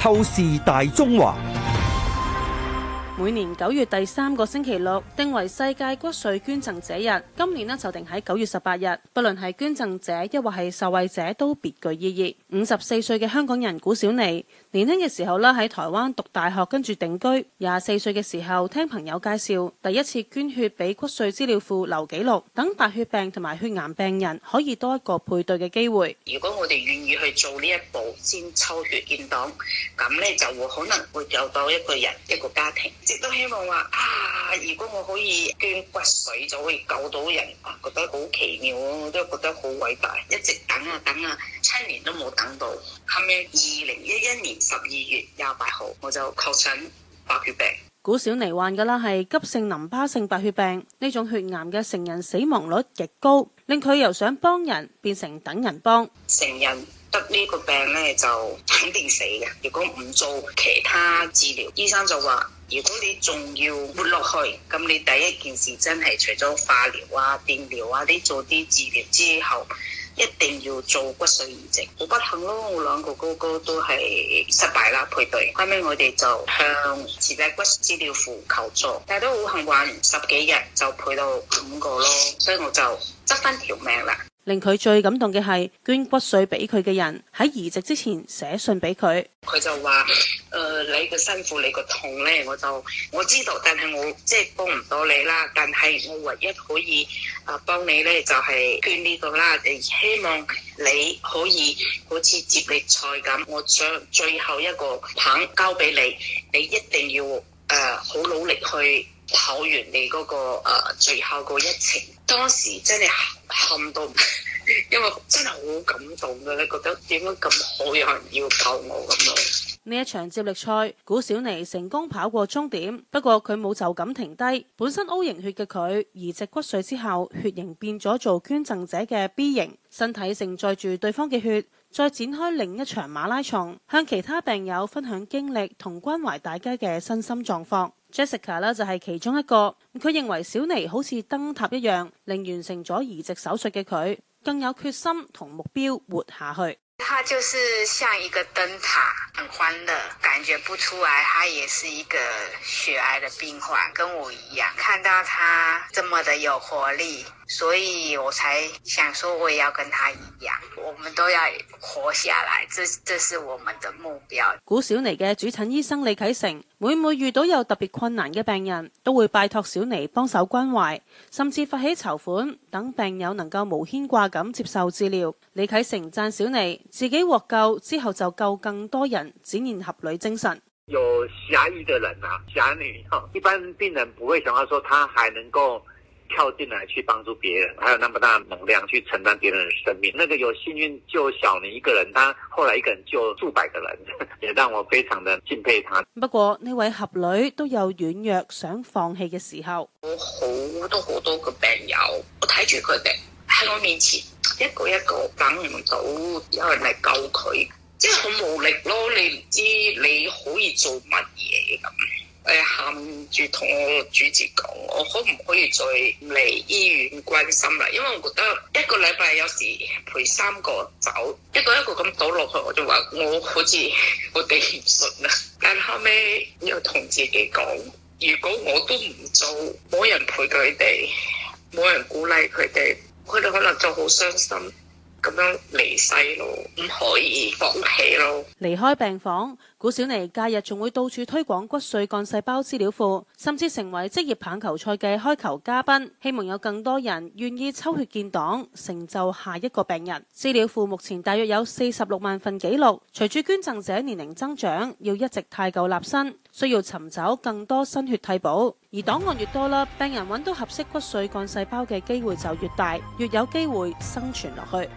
透視大中華。每年九月第三個星期六定為世界骨髓捐贈者日，今年呢就定喺九月十八日。不論係捐贈者抑或係受惠者都別具意義。五十四歲嘅香港人古小妮，年輕嘅時候啦喺台灣讀大學跟住定居。廿四歲嘅時候聽朋友介紹，第一次捐血俾骨髓資料庫留記錄，等白血病同埋血癌病人可以多一個配對嘅機會。如果我哋願意去做呢一步，先抽血建檔，咁呢就會可能會有到一個人一個家庭。亦都希望話啊，如果我可以捐骨髓就可以救到人啊，覺得好奇妙，啊，我都覺得好偉大。一直等啊等啊，七年都冇等到，後尾二零一一年十二月廿八號，我就確診白血病。古小妮患㗎啦係急性淋巴性白血病，呢種血癌嘅成人死亡率極高，令佢由想幫人變成等人幫成人。得呢個病咧就肯定死嘅，如果唔做其他治療，醫生就話：如果你仲要活落去，咁你第一件事真係除咗化療啊、電療啊啲做啲治療之後，一定要做骨髓移植。好不幸咯，我兩個哥哥都係失敗啦，配對。後尾我哋就向慈濟骨髓資料庫求助，但係都好幸運，十幾日就配到五個咯，所以我就執返條命啦。令佢最感動嘅係捐骨髓俾佢嘅人喺移植之前寫信俾佢，佢就話：誒、呃，你嘅辛苦，你個痛咧，我就我知道，但係我即係幫唔到你啦。但係我唯一可以啊幫、呃、你咧，就係、是、捐呢、這個啦。希望你可以好似接力賽咁，我將最後一個棒交俾你，你一定要誒好、呃、努力去。跑完你嗰、那個誒、啊、最後個一程，當時真係喊到，因爲真係好感動噶咧。覺得點解咁好有人要救我咁樣？呢一場接力賽，古小妮成功跑過終點，不過佢冇就咁停低。本身 O 型血嘅佢移植骨髓之後，血型變咗做捐贈者嘅 B 型，身體承載住對方嘅血，再展開另一場馬拉松，向其他病友分享經歷同關懷大家嘅身心狀況。Jessica 呢就係其中一個，佢認為小妮好似燈塔一樣，令完成咗移植手術嘅佢更有決心同目標活下去。他就是像一個燈塔，很歡樂，感覺不出來。他也是一個血癌的病患，跟我一樣，看到他這麼的有活力。所以我才想說，我也要跟他一樣，我們都要活下來，這這是我們的目標。古小妮嘅主診醫生李啟成，每每遇到有特別困難嘅病人，都會拜託小妮幫手關懷，甚至發起籌款，等病友能夠無牽掛咁接受治療。李啟成贊小妮自己獲救之後就救更多人，展現俠女精神。有俠義嘅人啊，俠女，一般病人不會想到說，他還能夠。跳進來去幫助別人，還有那麼大能量去承擔別人的生命。那個有幸運救小明一個人，他後來一個人救數百個人，也讓我非常的敬佩他。不過呢位俠女都有軟弱想放棄嘅時候，我好多好多個病友，我睇住佢哋喺我面前一個一個等唔到有人嚟救佢，即係好無力咯。你唔知你可以做乜嘢咁。誒、哎、喊住同我主治講，我可唔可以再嚟醫院關心啦？因為我覺得一個禮拜有時陪三個走，一個一個咁倒落去，我就話我好似我頂唔順啦。但後尾又同自己講，如果我都唔做，冇人陪佢哋，冇人鼓勵佢哋，佢哋可能就好傷心咁樣離世咯，唔可以放棄咯。離開病房。古小妮假日仲會到處推廣骨髓幹細胞資料庫，甚至成為職業棒球賽嘅開球嘉賓。希望有更多人願意抽血建檔，成就下一個病人。資料庫目前大約有四十六萬份記錄，隨住捐贈者年齡增長，要一直汰舊立新，需要尋找更多新血替補。而檔案越多啦，病人揾到合適骨髓幹細胞嘅機會就越大，越有機會生存落去。